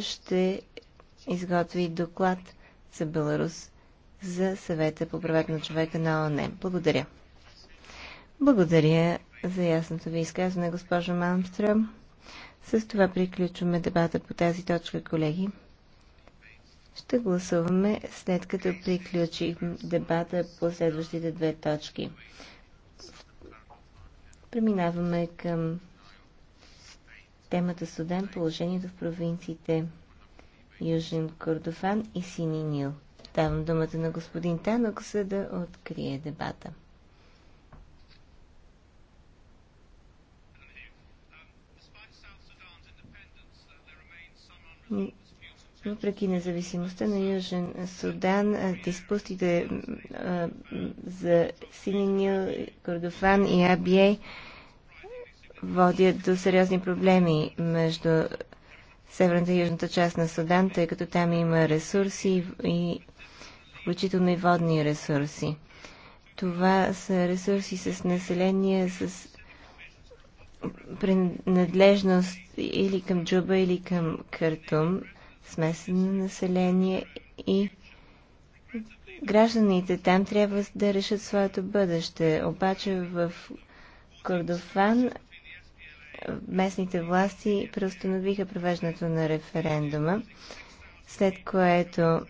ще изготви доклад за Беларус за съвета по правата на човека на ООН. Благодаря. Благодаря за ясното ви изказване, госпожа Малмстрем. С това приключваме дебата по тази точка, колеги. Ще гласуваме след като приключим дебата по следващите две точки. Преминаваме към темата Судан, положението в провинциите Южен Кордофан и Сини Нил. Давам думата на господин Танок, за да открие дебата. Въпреки независимостта на Южен Судан, диспустите за Сининил, Кордофан и Абией, водят до сериозни проблеми между северната и южната част на Судан, тъй като там има ресурси и включително и водни ресурси. Това са ресурси с население, с принадлежност или към Джуба, или към Картум, смесено население и гражданите там трябва да решат своето бъдеще. Обаче в Кордофан местните власти преустановиха провеждането на референдума, след което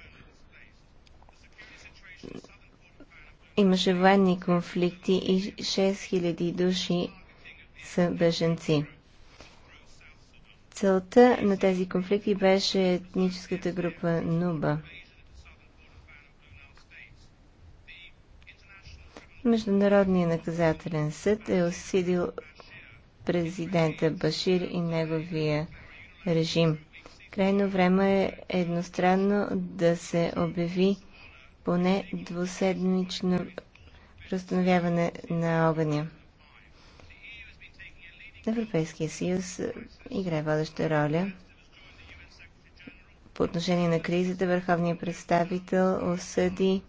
имаше военни конфликти и 6000 души са беженци. Целта на тези конфликти беше етническата група Нуба. Международният наказателен съд е осъдил президента Башир и неговия режим. Крайно време е едностранно да се обяви поне двуседмично разстановяване на огъня. Европейския съюз играе водеща роля. По отношение на кризата, върховният представител осъди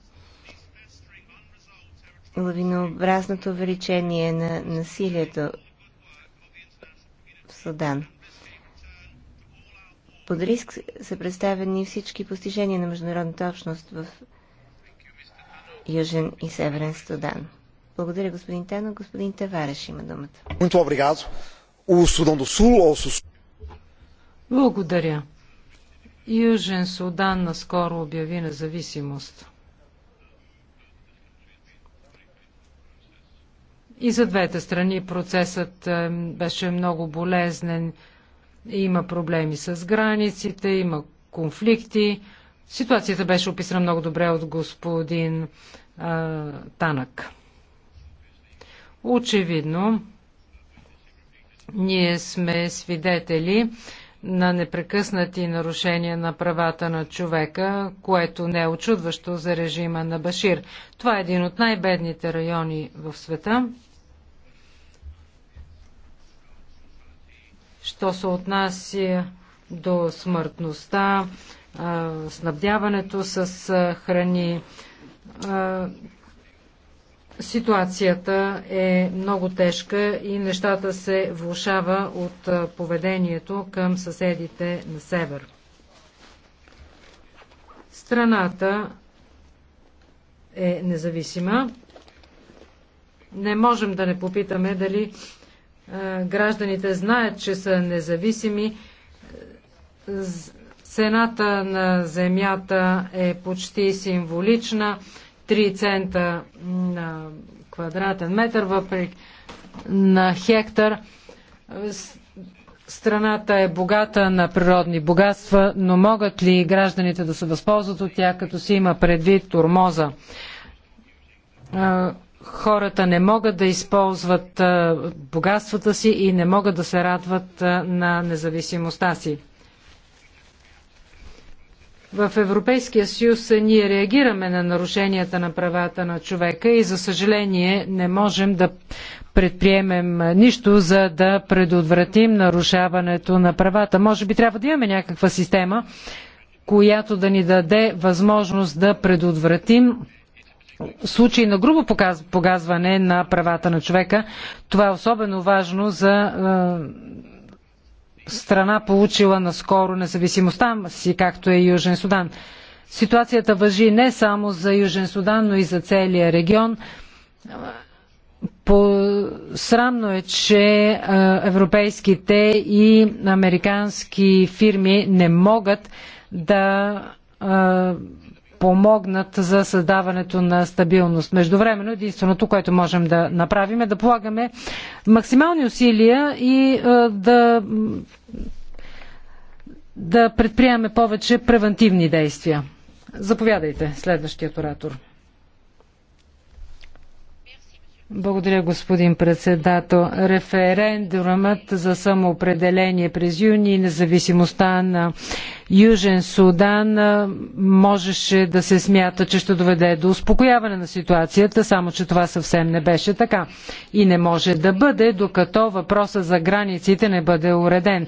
лавинообразното увеличение на насилието Судан. Под риск са представени всички постижения на международната общност в Южен и Северен Судан. Благодаря, господин Тано. Господин Тавареш има думата. Благодаря. Южен Судан наскоро обяви независимост. И за двете страни процесът е, беше много болезнен. Има проблеми с границите, има конфликти. Ситуацията беше описана много добре от господин а, е, Танък. Очевидно, ние сме свидетели на непрекъснати нарушения на правата на човека, което не е очудващо за режима на Башир. Това е един от най-бедните райони в света. Що се отнася до смъртността, снабдяването с храни, Ситуацията е много тежка и нещата се влушава от поведението към съседите на север. Страната е независима. Не можем да не попитаме дали гражданите знаят, че са независими. Цената на земята е почти символична. 3 цента на квадратен метър, въпреки на хектар. Страната е богата на природни богатства, но могат ли гражданите да се възползват от тях, като си има предвид турмоза? Хората не могат да използват богатствата си и не могат да се радват на независимостта си. В Европейския съюз ние реагираме на нарушенията на правата на човека и за съжаление не можем да предприемем нищо, за да предотвратим нарушаването на правата. Може би трябва да имаме някаква система, която да ни даде възможност да предотвратим случаи на грубо погазване на правата на човека. Това е особено важно за страна получила наскоро независимостта си, както е Южен Судан. Ситуацията въжи не само за Южен Судан, но и за целия регион. По... Срамно е, че европейските и американски фирми не могат да помогнат за създаването на стабилност. Междувременно единственото, което можем да направим е да полагаме максимални усилия и е, да, да предприемаме повече превентивни действия. Заповядайте, следващият оратор. Благодаря, господин председател. Референдумът за самоопределение през юни и независимостта на Южен Судан можеше да се смята, че ще доведе до успокояване на ситуацията, само че това съвсем не беше така. И не може да бъде, докато въпроса за границите не бъде уреден.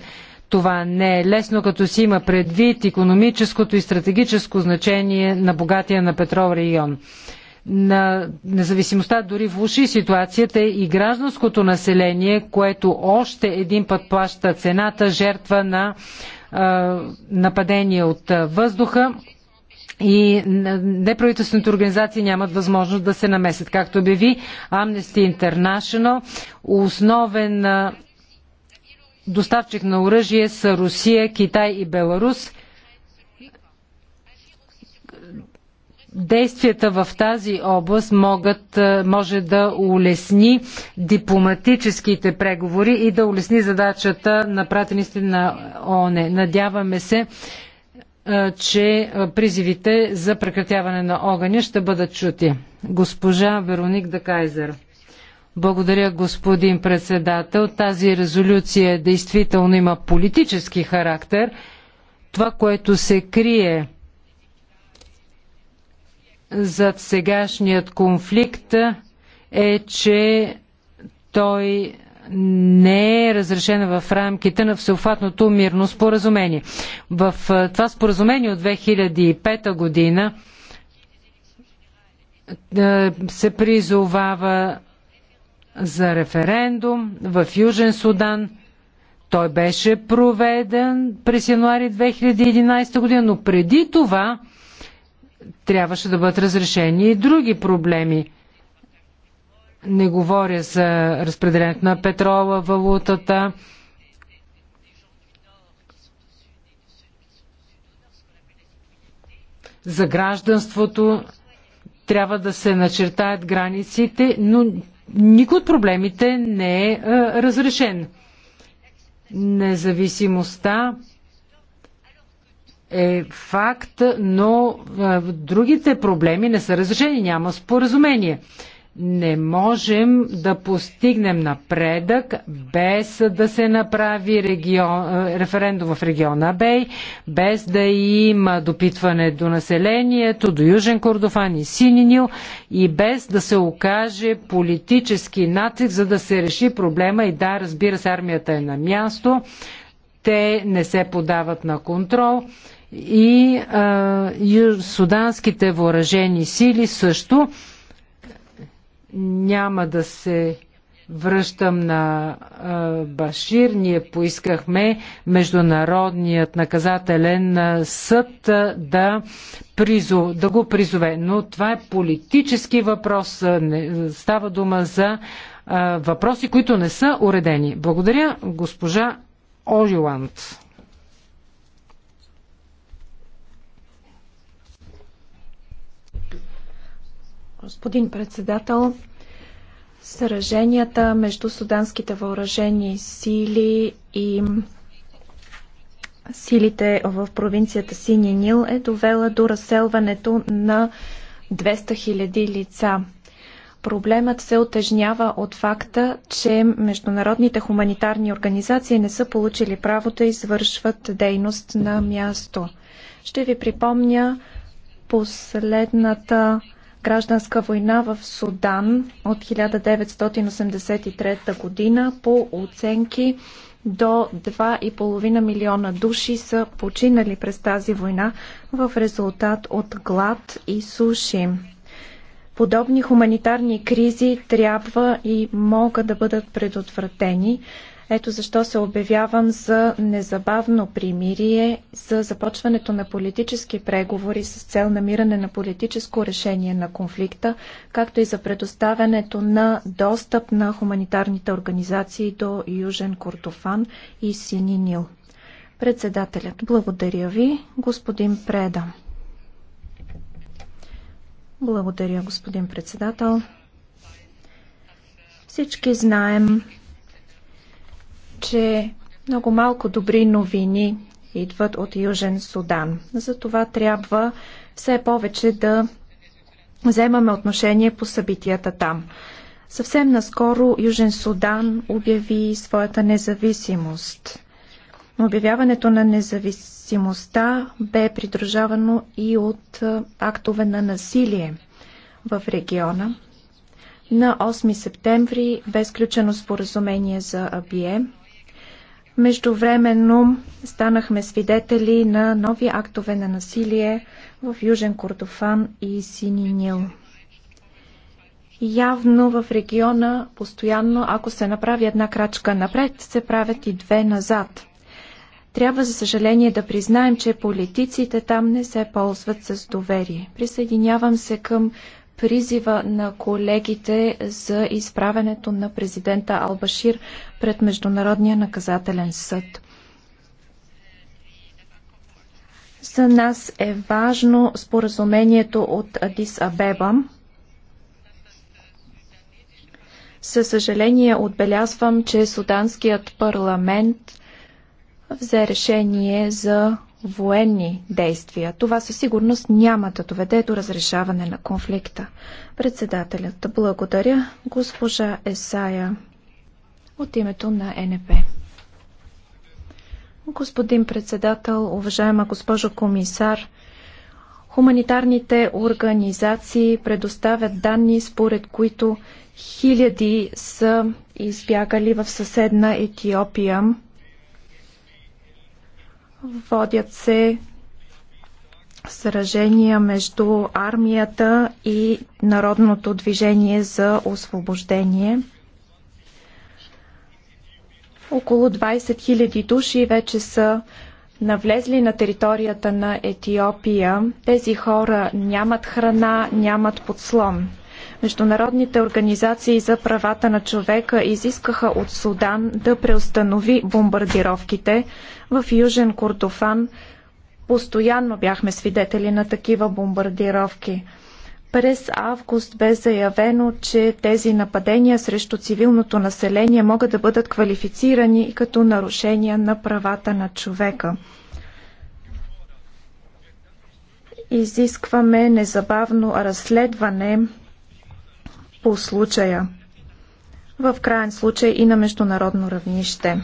Това не е лесно, като си има предвид економическото и стратегическо значение на богатия на петрол регион на независимостта дори влуши ситуацията и гражданското население, което още един път плаща цената, жертва на нападение от въздуха и неправителствените организации нямат възможност да се намесят. Както обяви Amnesty International, основен доставчик на оръжие са Русия, Китай и Беларус – действията в тази област могат, е, може да улесни дипломатическите преговори и да улесни задачата на пратениците на ООН. Надяваме се, е, че е, призивите за прекратяване на огъня ще бъдат чути. Госпожа Вероник Дакайзер. Благодаря, господин председател. Тази резолюция действително има политически характер. Това, което се крие зад сегашният конфликт е, че той не е разрешена в рамките на всеобхватното мирно споразумение. В това споразумение от 2005 година се призовава за референдум в Южен Судан. Той беше проведен през януари 2011 година, но преди това трябваше да бъдат разрешени и други проблеми. Не говоря за разпределението на петрола, валутата, за гражданството. Трябва да се начертаят границите, но никой от проблемите не е, е разрешен. Независимостта е факт, но другите проблеми не са разрешени, няма споразумение. Не можем да постигнем напредък без да се направи регион, референдум в региона Бей, без да има допитване до населението, до Южен Кордофан и Сининил и без да се окаже политически натиск, за да се реши проблема и да, разбира се, армията е на място, те не се подават на контрол и а, суданските въоръжени сили също. Няма да се връщам на а, Башир. Ние поискахме Международният наказателен съд да, призов, да го призове. Но това е политически въпрос. Не, става дума за а, въпроси, които не са уредени. Благодаря, госпожа Ожиланд. Господин председател, сраженията между суданските въоръжени сили и силите в провинцията Сини Нил е довела до разселването на 200 000 лица. Проблемът се отежнява от факта, че международните хуманитарни организации не са получили право да извършват дейност на място. Ще ви припомня последната гражданска война в Судан от 1983 година по оценки до 2,5 милиона души са починали през тази война в резултат от глад и суши. Подобни хуманитарни кризи трябва и могат да бъдат предотвратени ето защо се обявявам за незабавно примирие, за започването на политически преговори с цел намиране на политическо решение на конфликта, както и за предоставянето на достъп на хуманитарните организации до Южен Кордофан и Сини Нил. Председателят, благодаря ви, господин Преда. Благодаря, господин председател. Всички знаем, че много малко добри новини идват от Южен Судан. Затова трябва все повече да вземаме отношение по събитията там. Съвсем наскоро Южен Судан обяви своята независимост. Обявяването на независимостта бе придружавано и от актове на насилие в региона. На 8 септември бе сключено споразумение за АБИЕ, Междувременно станахме свидетели на нови актове на насилие в Южен Кордофан и Сини Нил. Явно в региона постоянно, ако се направи една крачка напред, се правят и две назад. Трябва, за съжаление, да признаем, че политиците там не се ползват с доверие. Присъединявам се към призива на колегите за изправенето на президента Албашир пред Международния наказателен съд. За нас е важно споразумението от Адис Абеба. Със съжаление отбелязвам, че Суданският парламент взе решение за военни действия. Това със сигурност няма да доведе до разрешаване на конфликта. Председателят благодаря госпожа Есая от името на НП. Господин председател, уважаема госпожо комисар, хуманитарните организации предоставят данни, според които хиляди са избягали в съседна Етиопия Водят се сражения между армията и Народното движение за освобождение. Около 20 000 души вече са навлезли на територията на Етиопия. Тези хора нямат храна, нямат подслон. Международните организации за правата на човека изискаха от Судан да преустанови бомбардировките в Южен Кордофан. Постоянно бяхме свидетели на такива бомбардировки. През август бе заявено, че тези нападения срещу цивилното население могат да бъдат квалифицирани като нарушения на правата на човека. Изискваме незабавно разследване по случая, в крайен случай и на международно равнище.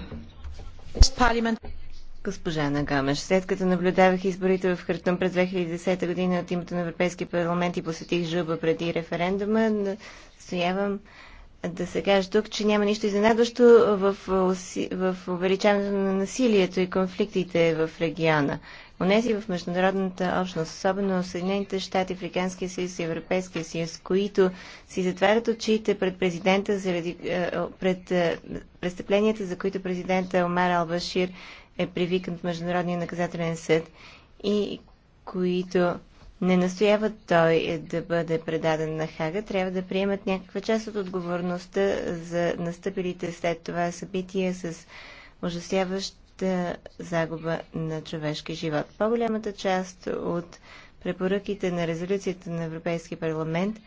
Госпожа Нагамеш, след като наблюдавах изборите в Хартум през 2010 година от името на Европейския парламент и посетих Жуба преди референдума, стоявам да се каже тук, че няма нищо изненадващо в, в увеличаването на насилието и конфликтите в региона. Онези в международната общност, особено в Съединените щати, Африканския съюз и Европейския съюз, които си затварят очите пред президента заради, е, пред е, престъпленията, за които президента Омар Албашир е привикан в Международния наказателен съд и които не настояват той да бъде предаден на Хага, трябва да приемат някаква част от отговорността за настъпилите след това събития с ужасяващ тежката загуба на човешки живот. По-голямата част от препоръките на резолюцията на Европейския парламент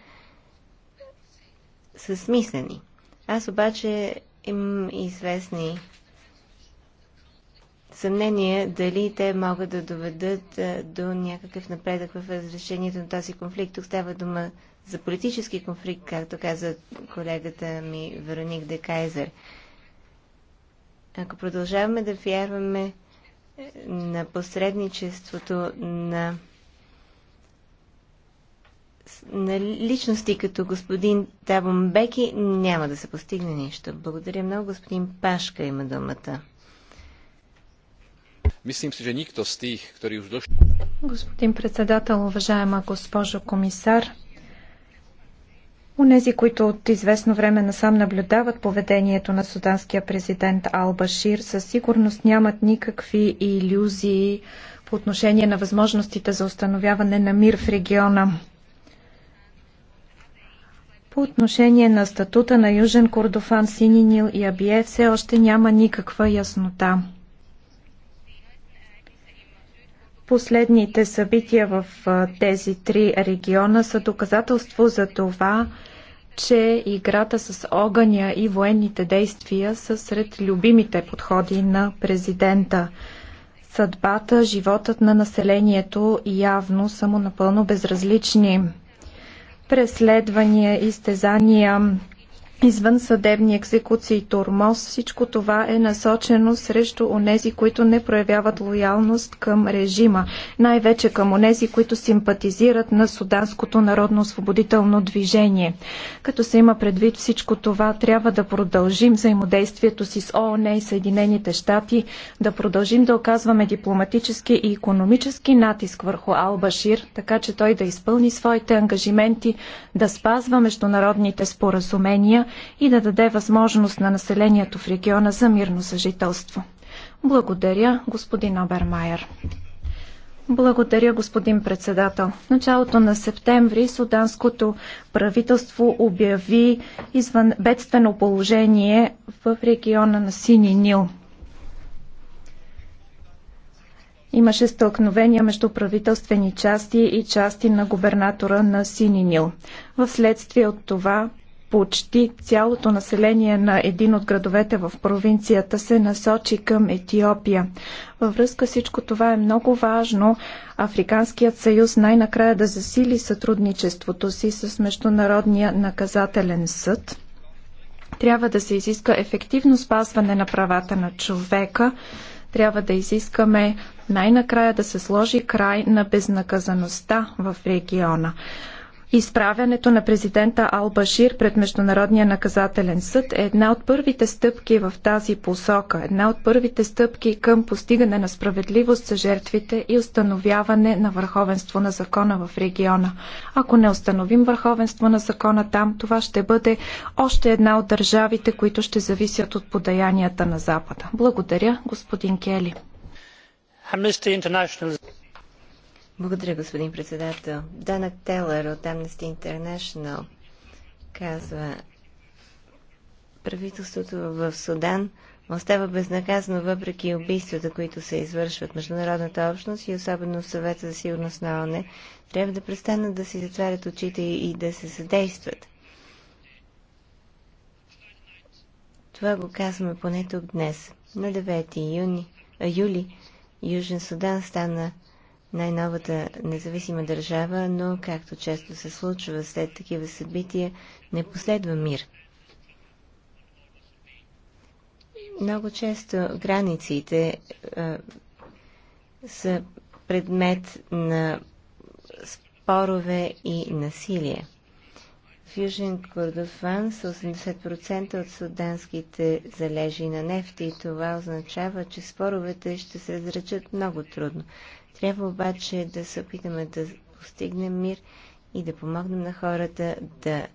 са смислени. Аз обаче имам известни съмнение дали те могат да доведат до някакъв напредък в разрешението на този конфликт. Тук става дума за политически конфликт, както каза колегата ми Вероник Декайзер. Кайзер. Ако продължаваме да вярваме е, на посредничеството на, на личности като господин Табон Беки, няма да се постигне нищо. Благодаря много. Господин Пашка има думата. Мислим си, че никто с тих, които уж дошли. Господин председател, уважаема госпожо комисар, Унези, които от известно време насам наблюдават поведението на суданския президент Ал-Башир, със сигурност нямат никакви иллюзии по отношение на възможностите за установяване на мир в региона. По отношение на статута на Южен Кордофан, Сининил и Абие все още няма никаква яснота. Последните събития в тези три региона са доказателство за това, че играта с огъня и военните действия са сред любимите подходи на президента. Съдбата, животът на населението явно са му напълно безразлични. Преследвания, изтезания, извън съдебни екзекуции, турмоз, всичко това е насочено срещу онези, които не проявяват лоялност към режима, най-вече към онези, които симпатизират на Суданското народно освободително движение. Като се има предвид всичко това, трябва да продължим взаимодействието си с ООН и Съединените щати, да продължим да оказваме дипломатически и економически натиск върху Албашир, така че той да изпълни своите ангажименти, да спазва международните споразумения, и да даде възможност на населението в региона за мирно съжителство. Благодаря, господин Обермайер. Благодаря, господин председател. В началото на септември суданското правителство обяви извън бедствено положение в региона на Сини Нил. Имаше стълкновения между правителствени части и части на губернатора на Сини Нил. Вследствие от това почти цялото население на един от градовете в провинцията се насочи към Етиопия. Във връзка всичко това е много важно Африканският съюз най-накрая да засили сътрудничеството си с Международния наказателен съд. Трябва да се изиска ефективно спазване на правата на човека. Трябва да изискаме най-накрая да се сложи край на безнаказаността в региона. Изправянето на президента Ал-Башир пред Международния наказателен съд е една от първите стъпки в тази посока, една от първите стъпки към постигане на справедливост за жертвите и установяване на върховенство на закона в региона. Ако не установим върховенство на закона там, това ще бъде още една от държавите, които ще зависят от подаянията на Запада. Благодаря, господин Кели. Благодаря, господин председател. Дана Телър от Amnesty International казва правителството в Судан остава безнаказано въпреки убийствата, които се извършват. Международната общност и особено съвета за сигурност на ОНЕ трябва да престанат да си затварят очите и да се съдействат. Това го казваме поне тук днес. На 9 юни, а, юли Южен Судан стана най-новата независима държава, но както често се случва след такива събития, не последва мир. Много често границите а, са предмет на спорове и насилие в Южен Кордофан с 80% от суданските залежи на нефти и това означава, че споровете ще се разречат много трудно. Трябва обаче да се опитаме да постигнем мир и да помогнем на хората да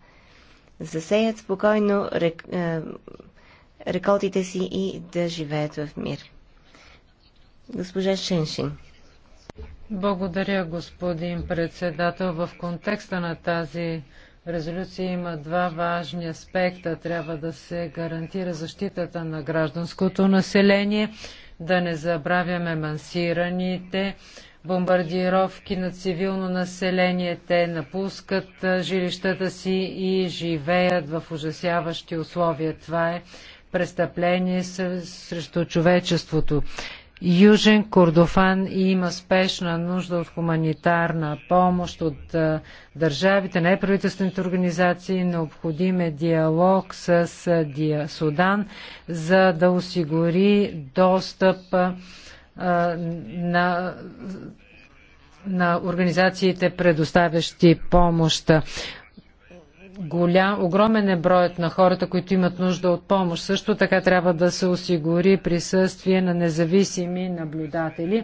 засеят спокойно рек, реколтите си и да живеят в мир. Госпожа Шеншин. Благодаря, господин председател. В контекста на тази резолюция има два важни аспекта. Трябва да се гарантира защитата на гражданското население, да не забравяме мансираните бомбардировки на цивилно население. Те напускат жилищата си и живеят в ужасяващи условия. Това е престъпление срещу човечеството. Южен Кордофан има спешна нужда от хуманитарна помощ от държавите, неправителствените организации. Необходим е диалог с Судан, за да осигури достъп на на организациите, предоставящи помощ голям, огромен е броят на хората, които имат нужда от помощ. Също така трябва да се осигури присъствие на независими наблюдатели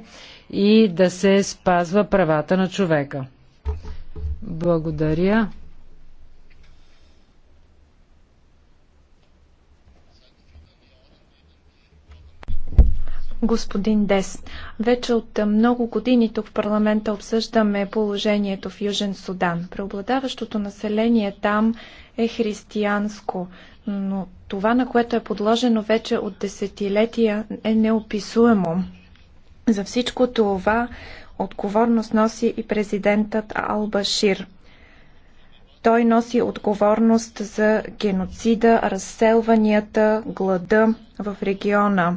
и да се спазва правата на човека. Благодаря. господин Дес. Вече от много години тук в парламента обсъждаме положението в Южен Судан. Преобладаващото население там е християнско, но това, на което е подложено вече от десетилетия, е неописуемо. За всичко това отговорност носи и президентът Албашир. Той носи отговорност за геноцида, разселванията, глада в региона.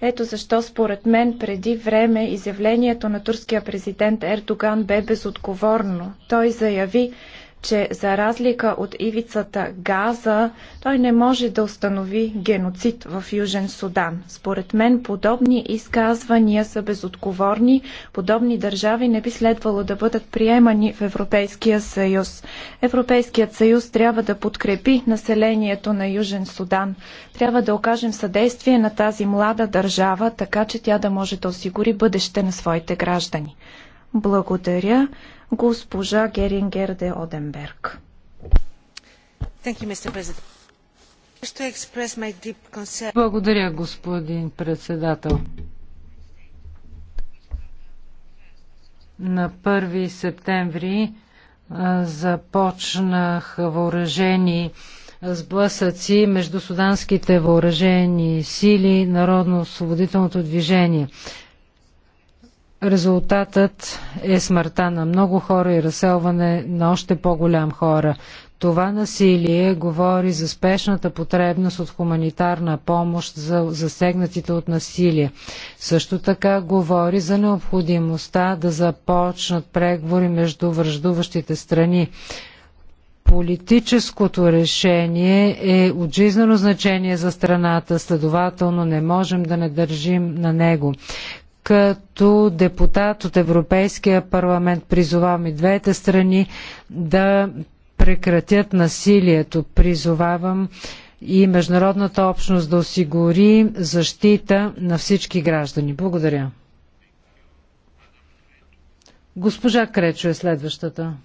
Ето защо според мен преди време изявлението на турския президент Ердоган бе безотговорно. Той заяви, че за разлика от ивицата Газа, той не може да установи геноцид в Южен Судан. Според мен подобни изказвания са безотговорни. Подобни държави не би следвало да бъдат приемани в Европейския съюз. Европейският съюз трябва да подкрепи населението на Южен Судан. Трябва да окажем съдействие на тази млада държава, така че тя да може да осигури бъдеще на своите граждани. Благодаря госпожа Герингер де Оденберг. Благодаря, господин председател. На 1 септември започнах въоръжени сблъсъци между суданските въоръжени сили и Народно освободителното движение. Резултатът е смъртта на много хора и разселване на още по-голям хора. Това насилие говори за спешната потребност от хуманитарна помощ за засегнатите от насилие. Също така говори за необходимостта да започнат преговори между връждуващите страни. Политическото решение е от жизнено значение за страната, следователно не можем да не държим на него като депутат от Европейския парламент призовавам и двете страни да прекратят насилието. Призовавам и международната общност да осигури защита на всички граждани. Благодаря. Госпожа Кречо е следващата.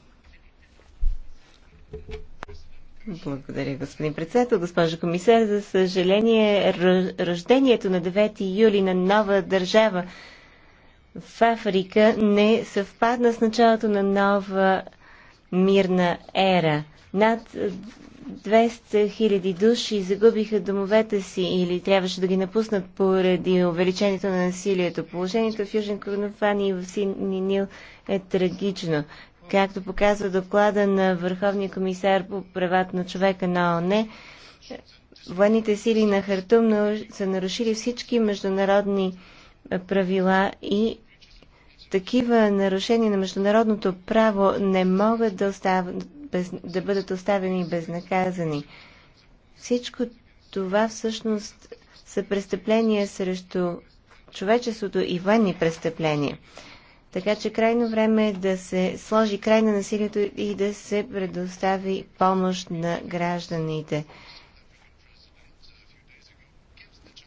Благодаря, господин председател. Госпожа комисар, за съжаление, рождението на 9 юли на нова държава в Африка не съвпадна с началото на нова мирна ера. Над 200 хиляди души загубиха домовете си или трябваше да ги напуснат поради увеличението на насилието. Положението в Южен Корнофан и в Нил е трагично. Както показва доклада на Върховния комисар по правата на човека на ООН, военните сили на Хартум са нарушили всички международни е, правила и такива нарушения на международното право не могат да, остават, без, да бъдат оставени безнаказани. Всичко това всъщност са престъпления срещу човечеството и военни престъпления. Така че крайно време е да се сложи край на насилието и да се предостави помощ на гражданите.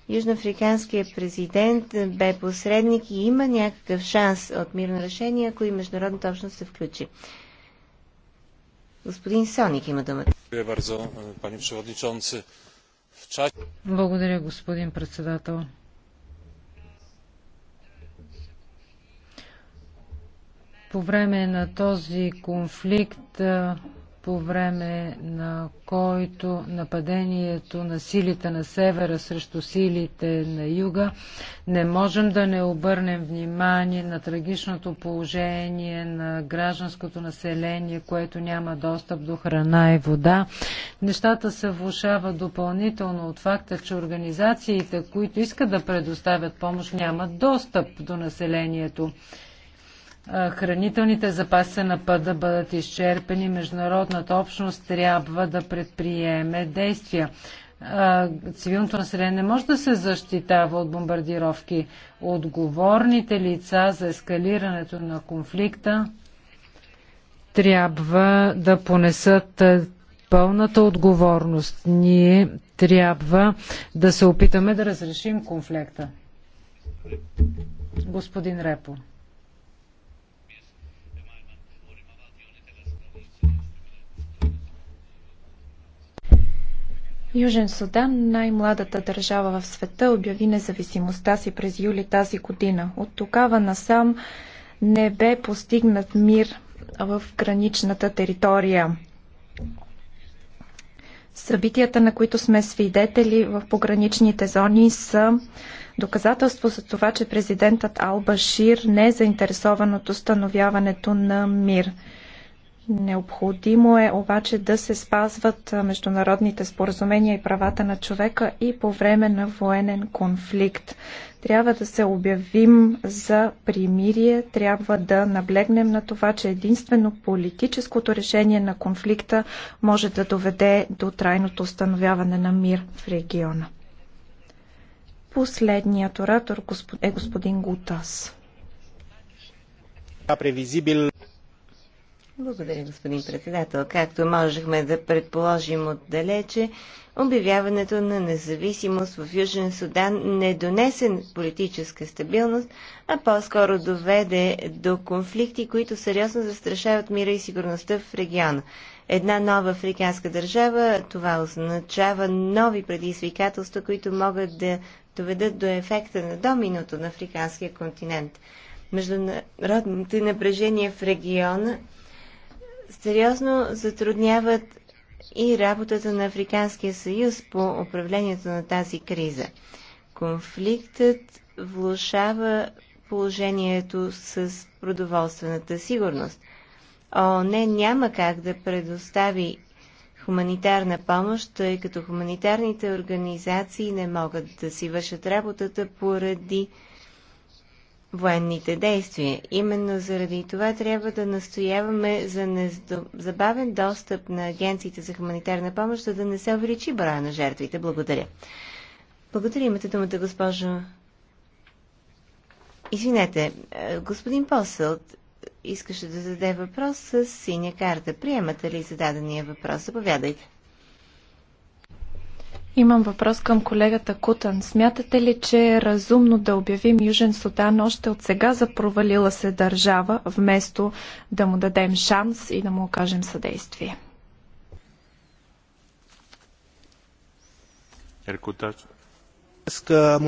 Южноафриканският президент бе посредник и има някакъв шанс от мирно решение, ако и международната общност се включи. Господин Соник има думата. Благодаря, господин председател. По време на този конфликт, по време на който нападението на силите на севера срещу силите на юга, не можем да не обърнем внимание на трагичното положение на гражданското население, което няма достъп до храна и вода. Нещата се влушават допълнително от факта, че организациите, които искат да предоставят помощ, нямат достъп до населението хранителните запаси на път да бъдат изчерпени, международната общност трябва да предприеме действия. Цивилното население не може да се защитава от бомбардировки. Отговорните лица за ескалирането на конфликта трябва да понесат пълната отговорност. Ние трябва да се опитаме да разрешим конфликта. Господин Репо. Южен Судан, най-младата държава в света, обяви независимостта си през юли тази година. От тогава насам не бе постигнат мир в граничната територия. Събитията, на които сме свидетели в пограничните зони, са доказателство за това, че президентът Албашир не е заинтересован от установяването на мир. Необходимо е обаче да се спазват международните споразумения и правата на човека и по време на военен конфликт. Трябва да се обявим за примирие, трябва да наблегнем на това, че единствено политическото решение на конфликта може да доведе до трайното установяване на мир в региона. Последният оратор е господин Гутас. Благодаря, господин председател. Както можехме да предположим отдалече, обявяването на независимост в Южен Судан не донесе политическа стабилност, а по-скоро доведе до конфликти, които сериозно застрашават мира и сигурността в региона. Една нова африканска държава, това означава нови предизвикателства, които могат да доведат до ефекта на доминото на африканския континент. Международните напрежения в региона сериозно затрудняват и работата на Африканския съюз по управлението на тази криза. Конфликтът влушава положението с продоволствената сигурност. О не няма как да предостави хуманитарна помощ, тъй като хуманитарните организации не могат да си вършат работата поради военните действия. Именно заради това трябва да настояваме за незабавен достъп на агенциите за хуманитарна помощ, за да не се увеличи броя на жертвите. Благодаря. Благодаря. Имате думата, госпожо. Извинете, е, господин Посълт искаше да зададе въпрос с синя карта. Приемате ли зададения въпрос? Заповядайте. Имам въпрос към колегата Кутан. Смятате ли, че е разумно да обявим Южен Судан още от сега за провалила се държава, вместо да му дадем шанс и да му окажем съдействие?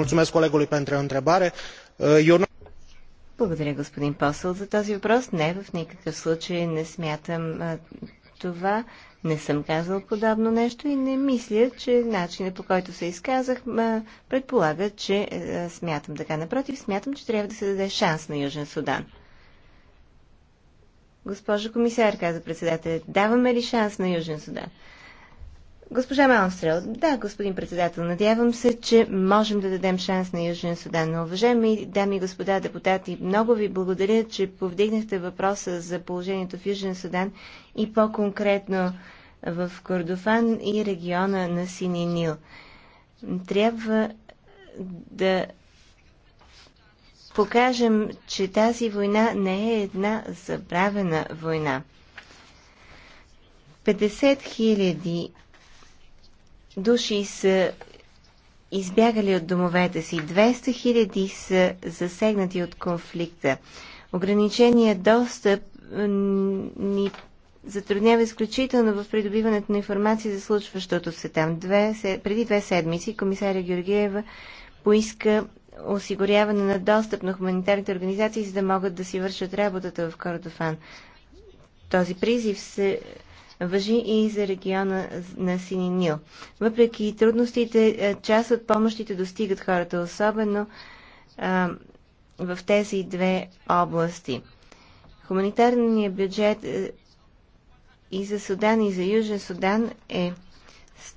pentru întrebare. Е, е, благодаря, господин Посъл, за този въпрос. Не, в никакъв случай не смятам е, това не съм казал подобно нещо и не мисля, че начинът по който се изказах предполага, че е, смятам така. Напротив, смятам, че трябва да се даде шанс на Южен Судан. Госпожа комисар, каза председателят, даваме ли шанс на Южен Судан? Госпожа Малмстрел, да, господин председател, надявам се, че можем да дадем шанс на Южен Судан. Но, уважаеми дами и господа депутати, много ви благодаря, че повдигнахте въпроса за положението в Южен Судан и по-конкретно в Кордофан и региона на Сини Нил. Трябва да покажем, че тази война не е една забравена война. 50 хиляди души са избягали от домовете си, 200 хиляди са засегнати от конфликта. Ограничения достъп ни затруднява изключително в придобиването на информация за случващото се там. Две, преди две седмици комисаря Георгиева поиска осигуряване на достъп на хуманитарните организации, за да могат да си вършат работата в Кордофан. Този призив се въжи и за региона на Сини Нил. Въпреки трудностите, е, част от помощите достигат хората, особено а, в тези две области. Хуманитарният бюджет е, и за Судан и за Южен Судан е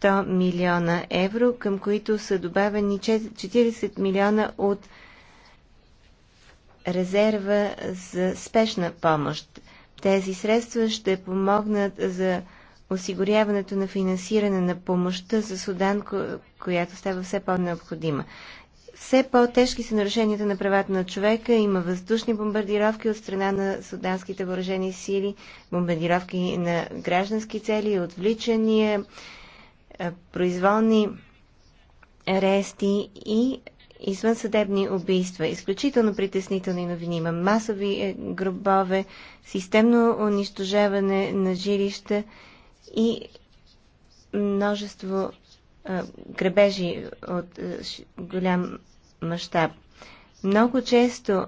100 милиона евро, към които са добавени 40 милиона от резерва за спешна помощ. Тези средства ще помогнат за осигуряването на финансиране на помощта за Судан, която става все по-необходима. Все по-тежки са нарушенията на правата на човека. Има въздушни бомбардировки от страна на суданските въоръжени сили, бомбардировки на граждански цели, отвличания, е, произволни арести и извънсъдебни убийства. Изключително притеснителни новини. Има масови е, гробове, системно унищожаване на жилища и множество грабежи от голям мащаб. Много често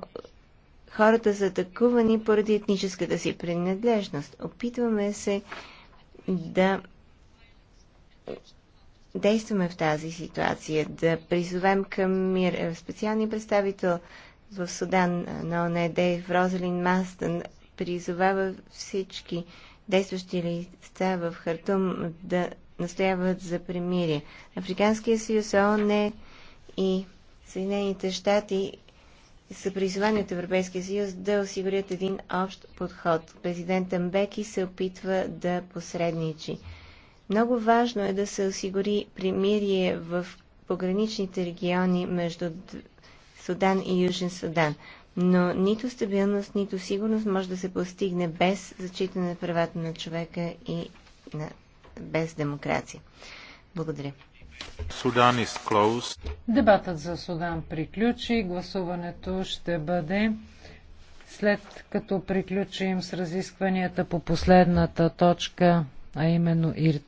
хората са атакувани поради етническата си принадлежност. Опитваме се да действаме в тази ситуация, да призовем към мир. Е, Специалния представител в Судан на ОНЕ Дейв Розалин Мастън призовава всички действащи лица в Хартум да настояват за примирие. Африканския съюз, ООН и Съединените щати са призвани от Европейския съюз да осигурят един общ подход. Президент Мбеки се опитва да посредничи. Много важно е да се осигури примирие в пограничните региони между Судан и Южен Судан. Но нито стабилност, нито сигурност може да се постигне без зачитане на правата на човека и на без демокрация. Благодаря. Судан is closed. Дебатът за Судан приключи. Гласуването ще бъде след като приключим с разискванията по последната точка, а именно ИРТ.